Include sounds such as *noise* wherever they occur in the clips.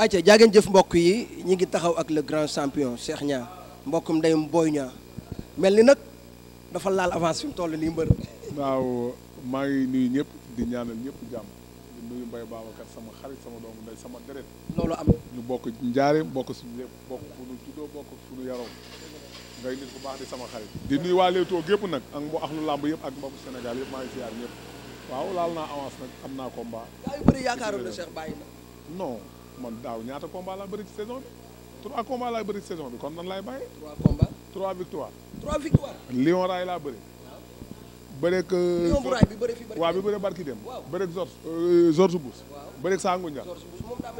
acca jaageen jëf mbokk yi ñu ngi taxaw ak le grand champion Cheikh Niang mbokkum ndeyum Boy Niang mel ni nag dafa laal avance fi mu toll nii mbër waaw maa ngi nuyu ñëpp di ñaanal ñëpp jàmm di nuyu Mbaye Babacar sama xarit sama doomu ndey sama deret loolu am ñu bokk njaareem bokk suñu lépp bokk fu nu juddoo bokk fu nu yaroo ngay nit ku baax di sama xarit di nuyu waa Leewtoo gépp nag ak mbo axlu làmb yëpp ak mbokku Sénégal yëpp maa ngi siyaar ñëpp waaw laal naa avance nag am naa ko yu bëri yaakaaroon na non man daaw ñaata combat laa bëri ci saison bi trois combat laa bëri saison bi kon nan laay bàyyi. trois combat trois victoire. trois victoire. Lion Raay laa bëri. bëreeg. Euh, Lion Raay bi bëri fi barki dem waaw bi bëri barki dem. waaw bëreeg George euh, George Bush. waaw bëreeg Sangu daa mel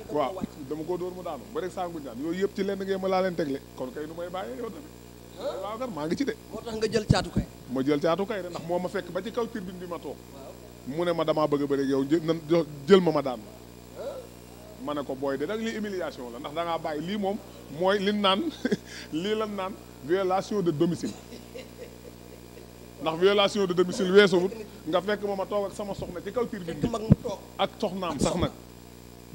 ni waaw dama ko dóor mu daanu bëreeg Sangu Ndiaye yooyu yëpp ci lenn ngeen ma laa leen tegle kon kay nu may bàyyee yow tamit. waaw kar maa ngi ci de. moo tax nga jël caatu kay. ma jël caatu kay de ndax moo ma fekk ba ci kaw tribune bi ma toog. mu ne ma damaa bëgg a bëri yow jël ma ma daan ma ne ko booy de nag lii humiliation la ndax da bàyyi lii moom mooy li naan *laughs* lii lan naan violation de domicile ndax violation de domicile weesuwut nga fekk ma ma toog ak sama soxna ci kaw turbine bi ak soxnaam sax nag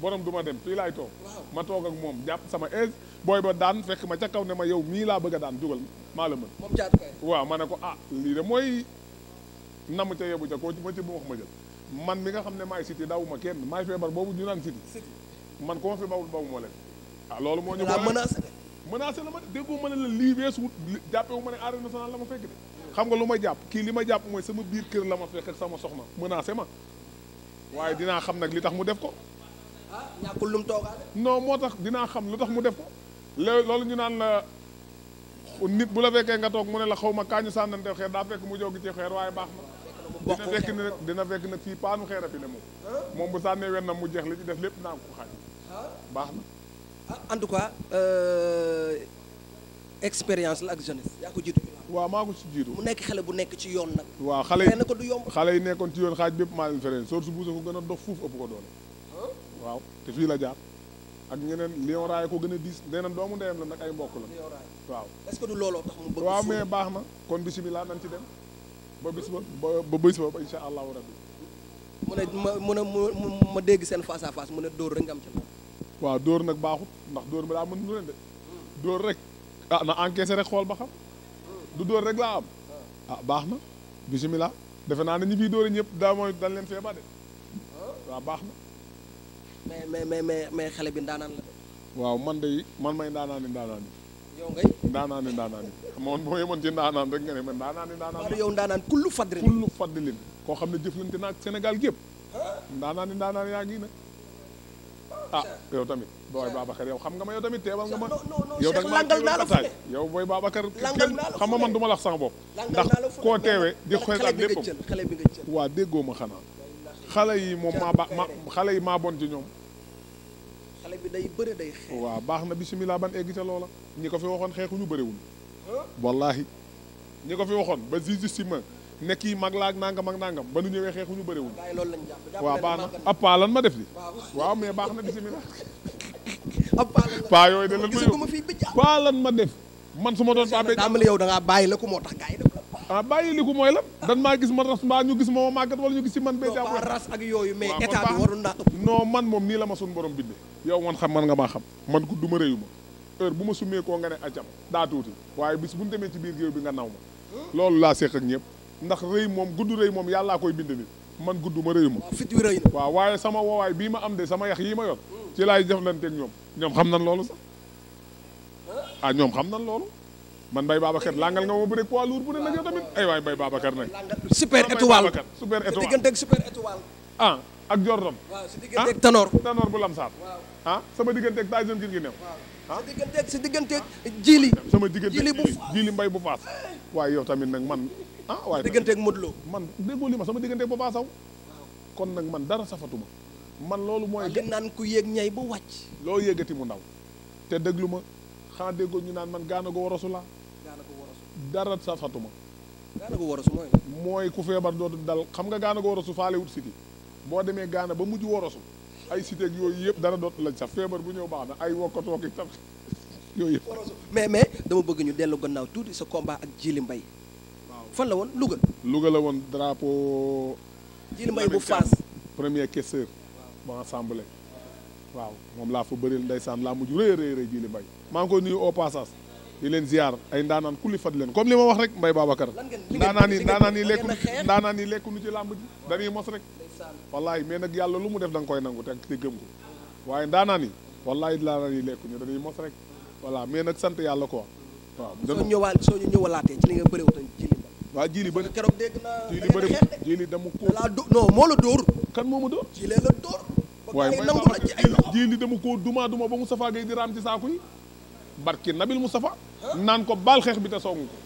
borom du ma dem fii laay toog ma toog ak moom jàpp sama aise booy ba daan fekk ma ca kaw ne ma yow mii laa bëgg daan jugal maa la mën waaw ma ne ko ah lii de mooy nam ca yebu ca koo ci ma ci bu wax ma jël man mi nga xam ne maay siti dawuma kenn maay feebar boobu ñu naan siti man ku ma fi bawul baw moo leen ah, loolu moo ñu boole menacé menacé ma déggoo ma ne la lii weesu jàppewu ma ne arène la ma fekk de xam nga lu ma jàpp kii li ma jàpp mooy sama biir kër la ma fekk ak sama soxna menacé ma waaye dinaa xam nag li tax mu def ko ah ñàkkul lu mu toogaale non moo tax dinaa xam lu tax mu def ko loolu ñu naan la nit bu la fekkee nga toog mu ne la xaw ma kaa ñu sànnante xeer daa fekk mu jóg ci xeer waaye baax na wax ko fekk ne dina fekk nag fii paanu xeera fi ne moom moom bu sànnee wen na mu jeex li ci def lépp naa ko xaaj baax na ah, en tout cas euh, expérience la ak jeunesse yaa ko jiitu waaw maa ko si jiitu mu nekk xale bu nekk ci yoon nag waaw xale yi ko du yomb xale yi nekkoon ci yoon xaaj bépp maa leen fereen source buuse ko gën a dox fuuf ëpp ko doole waaw te fii la jaar ak ñeneen lion raay ko gën a diis nee doomu ndeyam la nag ay mbokk la waaw est-ce que looloo tax mu bëgg waaw mais baax na kon bisimilah nañ ci dem ba bis ba ba bis ba incha allahu rabbi. mu ne ma ne ma dégg seen face à face mu ne dóor rek nga am ca moom. waaw dóor nag baaxut ndax dóor ba daa mën nu leen de. Hmm. dóor rek ah na encaissé rek xool ba xam. Hmm. du dóor rek laa am. Hmm. ah baax na bisimilah defe naa ne ñi fiy dóori ñëpp daa mooy dañ leen fee ba de. waaw baax na. mais mais mais mais xale bi ndaanaan la de. waaw man de man may ndaanaan ni yow ngay ndaanaan ni ndaanaan yi moom boo yemoon ci ndaanaan rek nga ne ma ndaanaan ndaanaan koo xam ne jëflante naag Sénégal gépp ndaanaan ni ndaanaan yaa ngi nag ah yow tamit booy Babacar yow xam nga ma yow tamit teewal nga ma yow da langal naa la fu ne yow booy Babacar xam nga man du ma lax sama bopp ndax koo teewee di xoetaan léppam waa déggoo ma xanaa xale yi moom maa ba ma xale yi maa bon ci ñoom xeex bi day waaw baax na bisimilah ban egg ca loola ñi ko fi waxoon xeexu xeexuñu bëriwuñu wallahi ñi ko fi waxoon ba justement ne yi mag laag nangam ak nangam ba nu ñëwee xeexu xeexuñu bëriwuñu waaw baax na ab paa lan ma def li waaw mais baax na bisimilah *laughs* paa yooyu de lan ma yóbbu paa lan ma def man su ma doon paa bëj yow da bàyyi la ko moo tax gars yi def ah, li ko mooy la dan maa gis ma ras mbaa ñu gis ma ma màggat wala ñu gis si man. bee jàpp ras ak yooyu mais état bi naa ëpp. man moom nii la ma sun borom bindee. yow man xam man nga maa xam man gudd ma réyu ma heure bu ma summee koo nga ne acam daa tuuti waaye bis bu ñu demee ci biir géew bi nga naw ma loolu laa seq ak ñëpp ndax rëy moom gudd rëy moom yàllaa koy bind nit man gudd ma rëyu ma fit wi rëy na waaw waaye sama woowaay bii ma am de sama yax yii ma yor ci laay jëflanteeg ñoom ñoom xam nan loolu sax ah ñoom xam nan loolu man Mbaye Babacar langal nga ma bu rek poids lourd bu ne nag yow tamit ay waay Mbaye Babacar nag super étoile super étoile diggante ak super étoile ah ak Jordan. waaw tanoor ah, digganteeg Tanor Tanor bu Lamsaar. Ah, sama digganteeg Tyson gin gi new ah si diggante si digganteeg Jili. sama digganteeg Jili Jili Mbay bu Faas. waaye yow tamit nag man ah waaye. digganteeg Modou Lo man déggoo li ma sama digganteeg Papa Sow. kon nag man dara safatuma man loolu mooy. li naan ku yéeg ñay ba wàcc. loo yéegati mu ndaw. te déglu ma xanaa déggoo ñu naan man gaana ko warasu laa. gaana ko warasu dara safatuma. gaana ko warasu mooy. mooy ku feebar dootul dal xam nga gaana ko warasu faale wut siti boo demee Gaana ba mujj worosu ay cité yooyu yëpp dara dootu lañ sax feebar bu ñëw baax na ay wokkatoo ki tam *laughs* yooyu yëpp. mais mais dama bëgg ñu dellu gannaaw tuuti sa combat ak Jili Mbay. fan la woon Louga. Louga la woon drapeau. Jili Mbay bu Faas premier caisseur. waaw assemblée. waaw moom laa fa bëril ndeysaan laa mujj rëy a rëy Jili Mbay. maa ngi koy nuyu au passage. di leen ziar ay ndaanaan kulli fat leen comme li ma wax rek Mbaye Babacar ndaanaan yi ndaanaan yi lekku ndaanaan yi lekku nu ci làmb ji dañuy mos rek wallaay mais nag mu def da nga koy nangu te te gëm ko waaye ndaanaan yi wallaay ndaanaan mais nag sant yàlla ko waaw soo ñëwaa soo ñu ñëwalaatee ci li nga bëree wutoon jili waaw jili bëri keroog dégg naa jili bëri jili dama koo kan moo ma dóor jilee la dóor waaye may nangu dumaa duma ba mu safaa gay di raam ci saaku yi barki Nabil Moustapha naan ko baal xeex bi te soogu ko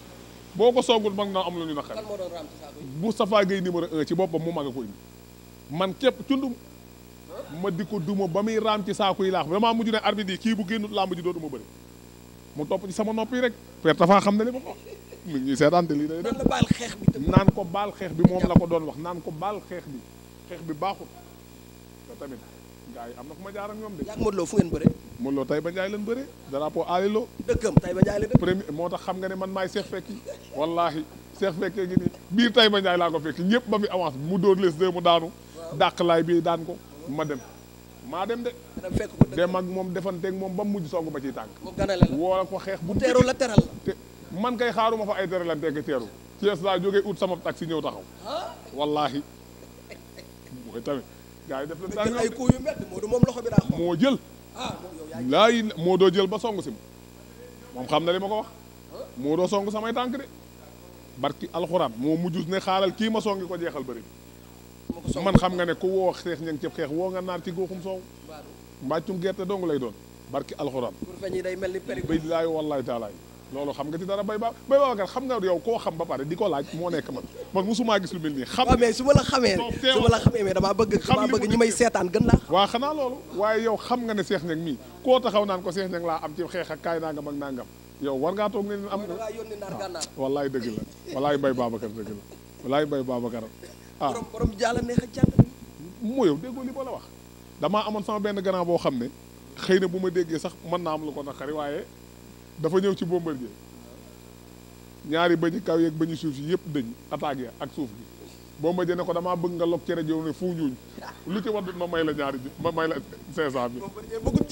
boo ko soogul mag naa am lu ñu naqar bu Safa Gueye numéro un ci boppam mu mag a ko indi man képp cundum ma di ko duma ba muy raam ci saaku yi laax vraiment mujj ne arbitre yi kii bu génnut làmb ji dootuma bëri mu topp ci sama nopp yi rek père Tafa xam ne li ma ko mi ngi seetaante lii day def naan ko baal xeex bi moom la ko doon wax naan ko baal xeex bi xeex bi baaxul te gars am na fu ma jaar ak ñoom de. yaa ngi Modou Lo fu ngeen bëre. Modou Lo Taïba Ndiaye moo tax xam nga ne man maay seex fekki wallaahi seex fekkee gi ni biir Taïba Ndiaye laa ko fekki ñëpp ba fi avance mu dóor les deux mu daanu. dàq laay bii daan ko ma dem. maa dem de. fekk ko dem ak moom defanteeg moom ba mu mujj song ma ciy tànk. mu ganale la woo la ko xeex bu. teeru la teral la man kay xaaruma fa ay teralanteeg a teeru. Thiès laa jógee ut sama ak taxi ñëw taxaw. Ah. wallaahi mooy tamit. gars yi def la daal ay coups yu métti Modou moo jël ah laay moo doo jël ba song si moom xam na li ma ko wax moo doo song samay tànk de barki alxuraan moo mujjus ne xaaral kii ma songi ko jeexal bëri man xam nga ne ku woo xeex ña ngi cëb xeex woo nga naar ci góoxum soow mbàccum gerte dong lay doon barki alxuraan. pour day mel ni péril. billaay wallaay taalaay loolu xam nga ci dara bay ba bay xam nga yow koo xam ba pare di ko laaj moo nekk man man mosumaa gis lu mel nii xam mais su ma la xamee su ma la xamee mais damaa bëgg damaa seetaan gën laa waa xanaa loolu waaye yow xam nga ne Cheikh Niang mii koo taxaw naan ko Cheikh Niang laa am ci xeex ak kaay nangam ak nangam yow war ngaa toog ne am nga ah, wallaay dëgg la wallaay bay Babacar dëgg la wallaay bay Babacar ah borom jaala neex a jàng moo yow déggoo li ba la wax damaa amoon sama benn grand boo xam ne xëy na bu ma déggee sax mën naa am lu ko naqari waaye dafa ñëw ci Bombardier ñaari bañu kaw yeeg bañu suuf yi yëpp dëñ attaque ya ak suuf bi Bombardier ne ko damaa bëgg nga lokk cere jow ne fuu ñuuñ lu ci waddut ma may la ñaari ma may la cinq cent bi bëggul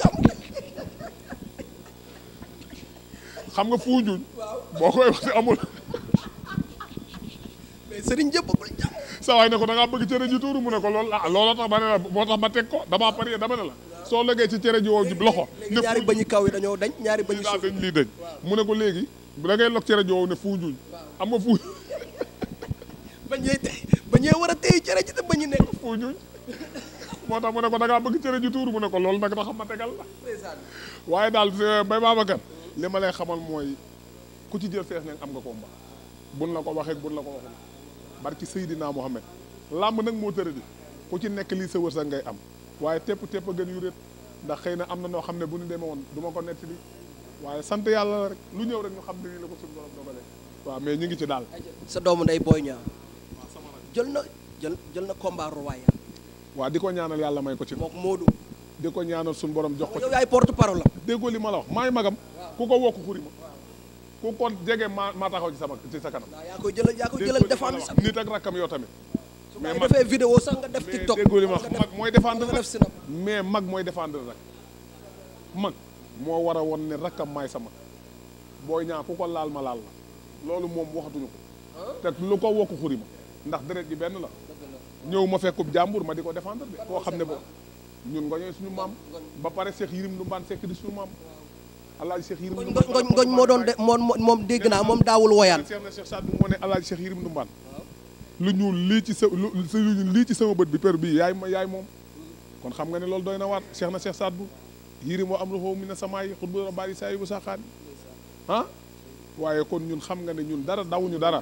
nga fuu ñuuñ boo koy wax amul mais sëriñ jëpp bëggul jàmm ji tuuru mu ne ko loolu ah looloo tax ma ne la moo tax ma teg ko damaa pare dama ne la soo logee ci cere ji wow ji loxo ne ñaari bañu kaw yi dañoo dañ ñaari bañu suuf dañ lii dañ mu ne ko léegi da ngay log cere ji wow ne fuujuñ am nga fuuj *laughs* bañee tey bañee war a téye cere ji te bañu *laughs* moo tax mu ne ko da ngaa bëgg cere ji tuur mu ne ko loolu nag da xam ma tegal la waaye daal euh, bay Babacar li ma lay xamoon mooy ku ci jël fees nag am nga combat bun la ko waxee bun la ko waxul barki Seydina Mohamed làmb nag moo tëra di ku ci nekk lii sa wërsëg ngay am waaye tépp tépp a gën yu réet ndax xëy na am na noo xam ne bu ñu demee woon du ma ko nettali waaye sant yàlla rek lu ñëw rek ñu xam ne la ko suñu waaw mais ñu ngi ci daal. sa doomu nday Boy Niang jël na jël jël na combat royal. waaw di ko ñaanal yàlla may ko ci. mook Modou. di ko ñaanal suñu borom jox ko ci. yow yaay porte la. déggoo li ma la wax maay magam. ku ku kon jege maa maa taxaw ci sama ci sa kanam. waaw yaa koy jëlal yaa koy jëlal défense. nit ak rakkam yoo tamit mais mag dafay vidéo sax nga def TikTok mag mooy défendre rek mais mag mooy défendre rek mag moo war a woon ne rakkam maay sama booy ñaa ku ko laal ma laal la loolu moom waxatuñu ko te lu ko wokk xuri ma ndax deret ji benn la ñëw ma fekkub jàmbur ma di ko défendre de koo xam ne boobu ñun nga ñooy suñu maam ba pare Cheikh Yirim du mbaan sekk di suñu maam alaaji Cheikh Yirim na Cheikh Saad bu moo ne alaaji Cheikh Yirim du mbaan lu ñuul lii ci sa lu lii ci sama bët bi per bii yaay ma yaay moom kon xam nga ne loolu doy na waat Cheikh na seex Saad bu yiri moo am lu xaw mi na samaay xut bu baari saa yi bu saxaan ah waaye kon ñun xam nga ne ñun dara dawuñu dara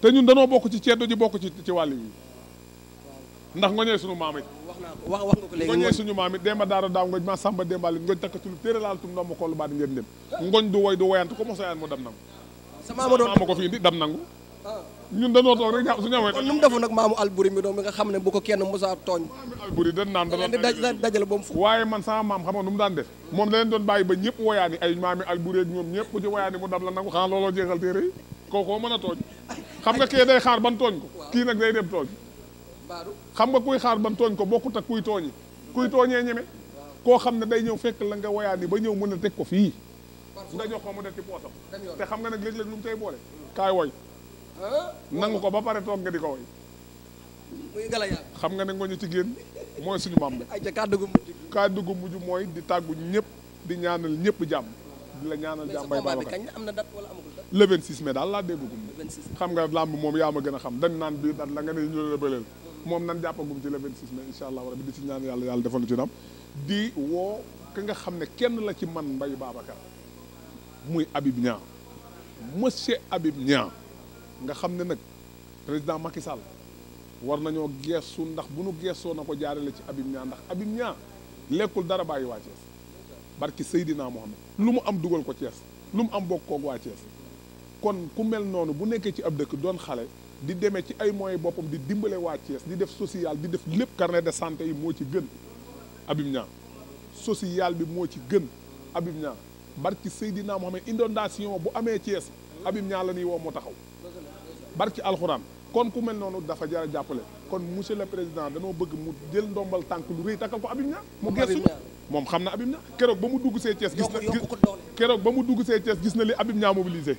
te ñun danoo bokk ci ceddo ji bokk ci ci wàll yi ndax ngoñee suñu maam it wax wax nga ko léegi ngoñee suñu maam it demba daara daaw ngoj ma sàmba démbali ngoñ takkatulu téere laal tum ndomba kollu baat ngeen dem ngoñ du woy du woyant ko mosoyaan mu dam nangu sama ma ko fi indi dam ñun dañoo toog rek ña su ñawee. kon nu mu defoon nag maamu alburi mi doom bi nga xam ne bu ko kenn mosaa tooñ. alburi dañ naan dajale ba fu waaye man sama maam xam nu mu daan def. moom da leen doon bàyyi ba ñëpp woyaani ay maami alburi ak ñoom ñëpp ku ci woyaani mu dab xam nga kee xaar ban tooñ ko. kii nag day dem tooñ. xam nga kuy xaar koo xam ne day ñëw fekk la nga woyaani ba ñëw mën a ko fii. nga jox ko mu def ci poosam. te xam nga nag léeg-léeg lu mu tey boole mm. kaay woy nangu ko ba pare toog nga di ko way muy xam nga ne ngoñu ci génn mooy suñu maam bi kàddu gu mujj kàddu gu mujj mooy di tàggu ñëpp di ñaanal ñëpp jàmm di la ñaanal jàmm bay Babacar kañ am na date wala amagul date le 26 mai daal laa déggagum nga làmb moom yaa ma gën a xam dañ naan bi date la nga ne ñu la bëreel moom nan jàppagum ci le 26 mai incha allah rabbi di ci ñaan yàlla yàlla defal ci ndam di woo ka nga xam ne kenn la ci man mbay Babacar muy Habib Niang monsieur Habib Niang nga xam ne nag président Macky Sall war nañoo geestu ndax bu nu geesoo na ko jaarale ci Habib Niang ndax Habib Niang lekkul dara bàyyi waa Thiès barki Seydina Mohamed lu mu am dugal ko Thiès lu mu am bokk waa Thiès kon ku mel noonu bu nekkee ci ab dëkk doon xale di demee ci ay moyens boppam di dimbale waa Thiès di def social di def lépp carnet de santé yi moo ci gën Habib Niang social bi moo ci gën Habib Niang barki Seydina Mohamed inondation bu amee Thiès Habib Niang la ñuy woo moo taxaw barki alxuraan kon ku mel noonu dafa jar a jàppale kon monsieur le président danoo bëgg mu jël ndombal tànk lu rëy takkal ko Habib Niang mu gëstu moom xam na Habib Niang keroog ba mu dugg see Thiès gis na keroog ba mu dugg see Thiès gis na li Habib Niang mobilisé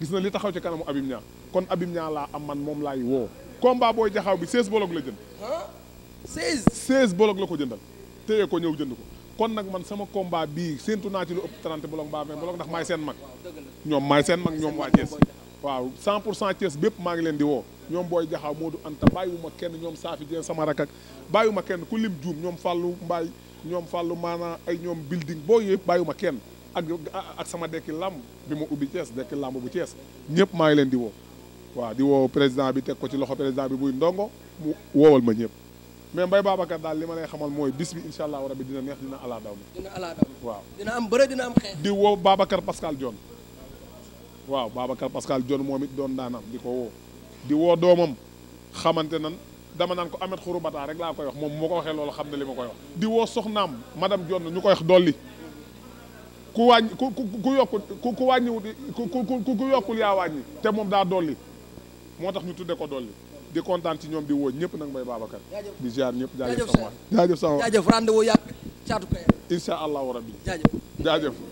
gis na li taxaw ci kanamu Habib Niang kon Habib Niang laa am man moom laay woo combat booy jaxaw bi 16 bolog la jënd 16 16 bolog la ko jëndal téye ko ñëw jënd ko kon nag man sama combat bii séentu naa ci lu ëpp 30 bolog mbaa 20 bolog seen mag ñoom maay seen mag ñoom waa Thiès waaw cent pour cent Thiès bépp maa ngi leen di woo ñoom booy jaxaaw Modou Anta bàyyiwuma kenn ñoom Saafi Dieng sama rakk ak bàyyiwuma kenn ku lim juum ñoom fàllu mbaay ñoom fàllu maanaa ay ñoom building boo yëpp bàyyiwuma kenn ak ak sama dekki làmb bi ma ubbi Thiès dekki làmb bu Thiès ñëpp maa ngi leen di woo waaw di woo président bi teg ko ci loxo président bi buy ndongo mu woowal ma ñëpp mais Mbaye Babacar daal li ma lay xamal mooy bis bi incha allahu rabi dina dina ala dina ala daw waaw dina am bëre dina am xeex di woo Babacar Pascal Dione waaw Babacar Pascal John moom it doon daanam di ko woo di woo doomam xamante nan dama naan ko amet xuru bataa rek laa koy wax moom moo ko waxee loolu xam ne li ma koy wax di woo soxnaam madame John ñu koy wax dolli ku wàññi ku ku ku yokku ku ku ku ku ku yokkul yaa wàññi te moom daa dolli moo tax ñu tudde ko dolli di kontaan ci ñoom di woo ñëpp nag mbay Babacar di ziar ñëpp jaajëf sama waay jaajëf sama waay jaajëf rendez-vous allahu rabbi jaajëf